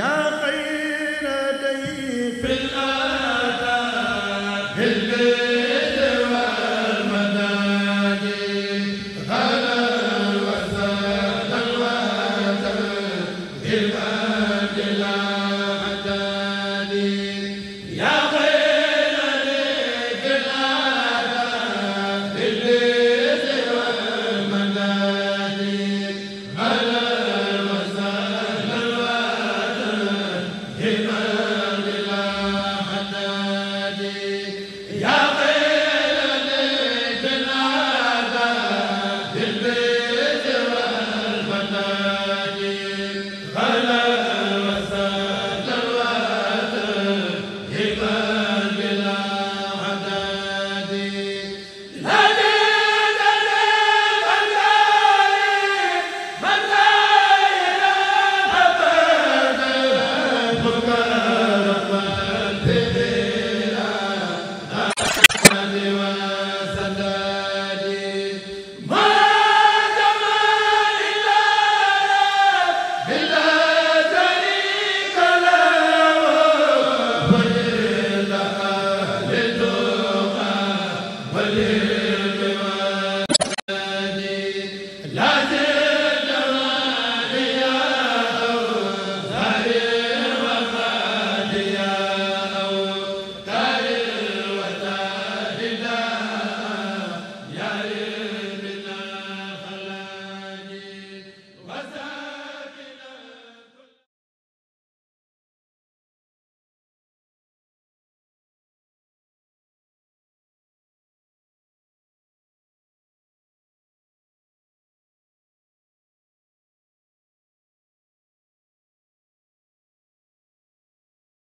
yaa